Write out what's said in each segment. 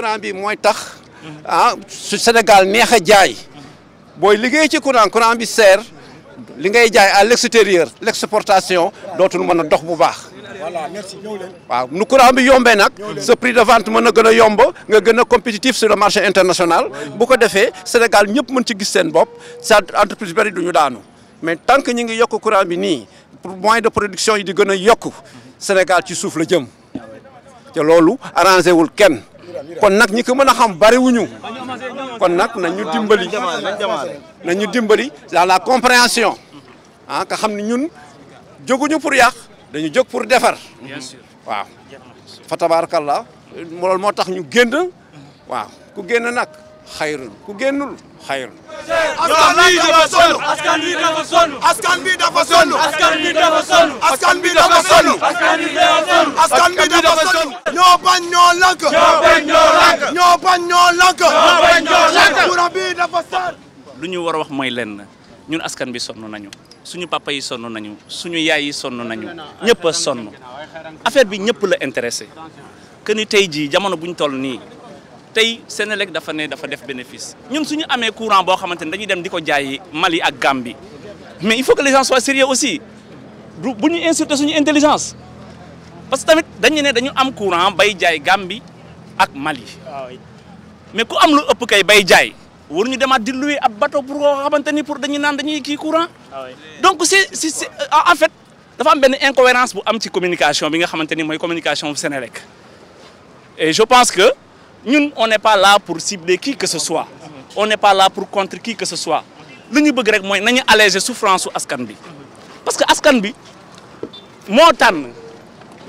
courant bi moy tax ah su Sénégal nexa a jaay boy liguey ci courant courant bi ser li ngay jaay à l'extérieur l'exportation dootul mën a dox bu baax. voilà merci ñew leen. waaw nu courant bi yombee nak ce prix de vente mën gëna yombo nga gëna compétitif sur le marché international. bu ko défé Sénégal ñëpp mën ci gis seen bop sa entreprise bari duñu daanu mais tant que ñi ngi yok courant bi ni pour moins de production yi di gëna yok Sénégal ci suuf la jëm té lolu arrangé wul kenn. kon nak ñi ko mëna xam bari wuñu kon nak nañu dimbali nañu dimbali la la compréhension han ah, ka xamni ñun joguñu pour yaax dañu jog pour défar waaw fa tabarakallah loolu moo tax ñu génn waaw ku génn nak xayrul ku génnul xayrul askan bi dafa sonu askan bi dafa sonu askan bi dafa sonu askan bi dafa sonu askan bi dafa sonu askan bi dafa sonu askan bi dafa sonu ñoo bañ ñoo lank. ñoo bañ ñoo lank. Nous bañ ñoo lank. ñoo bañ ñoo lu ñu wax mooy lenn ñun askan bi sonu nañu suñu papa yi nañu suñu nañu affaire bi la intéressé que ni tay ji jamono toll ni tay Sénélec dafa ne dafa def bénéfice ñun suñu amé courant bo dañuy dem Mali ak Gambie mais il faut que les gens soient sérieux aussi buñu insulter suñu intelligence parce que tamit dañu dañu am courant bay jaay Gambie ak Mali ah mais si am lu ëpp kay de jaay war ñu demaat di ab bateau pour koo xamante pour dañuy dañuy courant ah donc c'est euh, en fait dafa am une incohérence bu la communication bi nga une ni communication au Sénélec et je pense que nous, on n'est pas là pour cibler qui que ce soit on n'est pas là pour contre qui que ce soit Ce ñu bëgg rek mooy nañu alléger souffrance de askan parce que askan bi moo tànn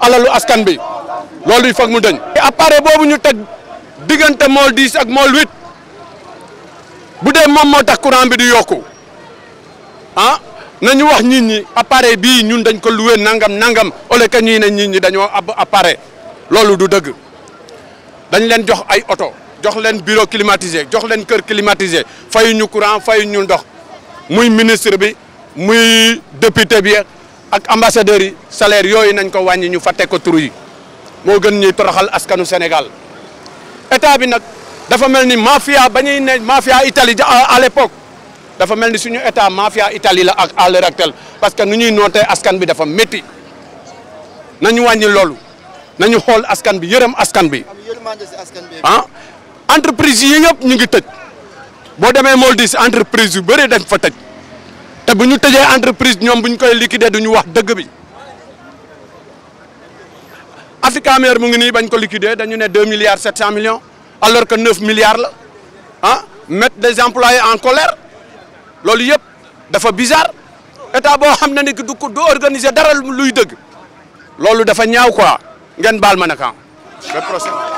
alalu askan bi lolou fakk faut mu dañ appareil bobu ñu teg digënté mol 10 ak mol 8 bu dé mom moo tax courant bi di yokku han ah, nañu wax nit ñi appareil bi ñun dañ ko luwé nangam nangam ole ka ñii ne nit ñi dañoo ab appareil lolou du dëgg dañ leen jox ay auto jox leen bureau climatisé jox leen kër climatisé fay ñu courant fay ñu ndox muy ministre bi muy député bi ak ambassadeurs yi salaire yoy nañ ko wàññi ñu faté ko turu yi mo gën ñuy toroxal askanu Sénégal état bi nak dafa melni mafia ba ñuy ne mafia Italie euh, à l'époque dafa melni suñu état mafia Italie la ak à l'heure actuelle parce que nu ñuy noté askan bi dafa metti nañu wàññi lolu nañu xol askan bi yërem askan bi ah entreprise yi ñëp ñu ngi tëj boo demee Moldis entreprise yu bëri dañ fa tëj. té buñu tejé entreprise ñom buñ koy liquider duñu wax dëgg bi Africa Mer mu ngi ni bañ ko liquider dañu né 2 milliards 700 millions alors que 9 milliards la hein ah, mettre des employés en colère lolu yépp dafa bizarre état bo xamna ni du ko organiser dara luy dëgg lolu dafa ñaaw quoi ngeen bal manaka ah. le procès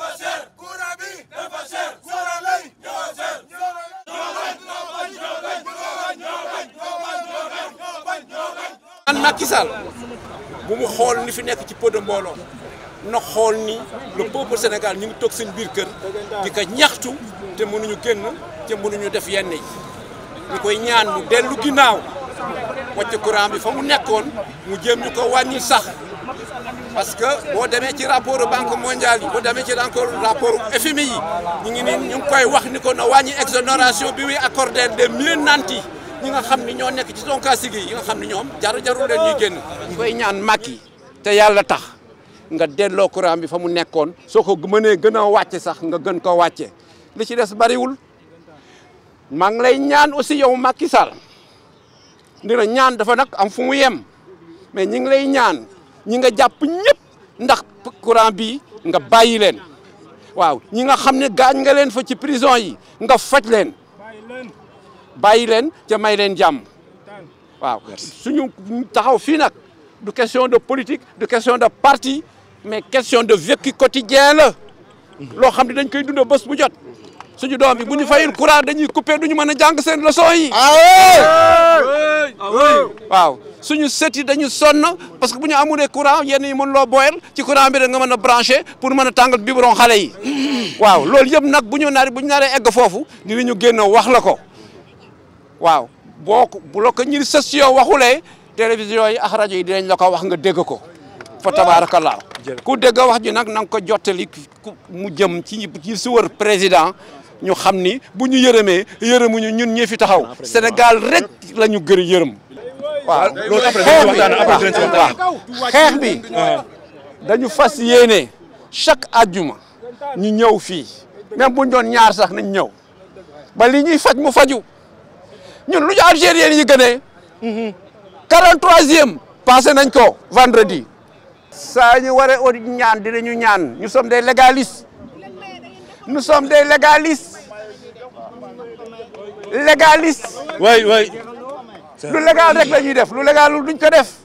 man Macky bu mu xool ni fi nekk ci peu de mbooloo na xool ni le peuple Sénégal ñu ngi toog seen biir kër di ko ñaxtu te mënuñu génn te ñu def yenn yi ñu ñaan mu dellu ginnaaw wàcc courant bi fa mu nekkoon mu jéem ñu ko wàññi sax parce que boo demee ci rapport banque mondiale yi boo demee ci encore rapport FMI yi ñu ngi ni ñu koy wax ni ko na wàññi exonération bi muy accordé des mieux nantis ñi nga xam ni ñoo nekk ci donkaasig yi nga xam ni ñoom jaru jaru leen ñuy génn. ñu koy ñaan Macky te yàlla tax nga delloo courant bi fa mu nekkoon soo ko mënee gën a wàcce sax nga gën ko wàcce li ci des bariwul maa ngi lay ñaan aussi yow Macky Sall dina ñaan dafa nag am fu mu yem mais ñi ngi lay ñaan. ñi nga jàpp ñëpp ndax courant bi nga bàyyi leen waaw ñi nga xam ne gaañ nga leen fa ci prison yi nga faj leen bàyyi leen ca may leen jàmm waaw suñu taxaw fii nag du question de politique du question de parti mais question de vécu quotidien la loo xam ne dañ koy dund bés bu jot suñu doom yi bu ñu fayul courant dañuy coupé ñu mën a jàng seen leçon yi ah ah waaw suñu sët yi dañu sonn parce que bu ñu amulee courant yenn yi mën loo boyal ci courant bi nga mën a branché pour mën a tàngal biberon xale yi waaw loolu yëpp nag bu ñu nari bu ñu naree egg foofu dinañu génn wax la ko waaw boo ko bu la ko ñir sës si yow waxulee télévision yi a rajo yi dinañ la ko wax nga dégg ko fa tabaarakallaa ku dégg wax ji nag na nga ko jottali mu jëm ci ñi si wër président ñu xam ni bu ñu yërëmee yërëmuñu ñun ñi fi taxaw Sénégal rek la ñu gër yërëm waaw loolu après waaw xeex bi dañu fas yéene chaque àjjuma ñu ñëw fii même buñ doon ñaar sax nañ ñëw ba li ñuy faj mu faju ñun lu ñu algériens yi gënee quarante troisième passé nañ ko vendredi saa ñu waree ñaan dinañu ñaan ñu sommes de légalistes nous sommes des légalistes légalistes. oui oui. lu légal rek la ñuy def lu légalul duñ ko def.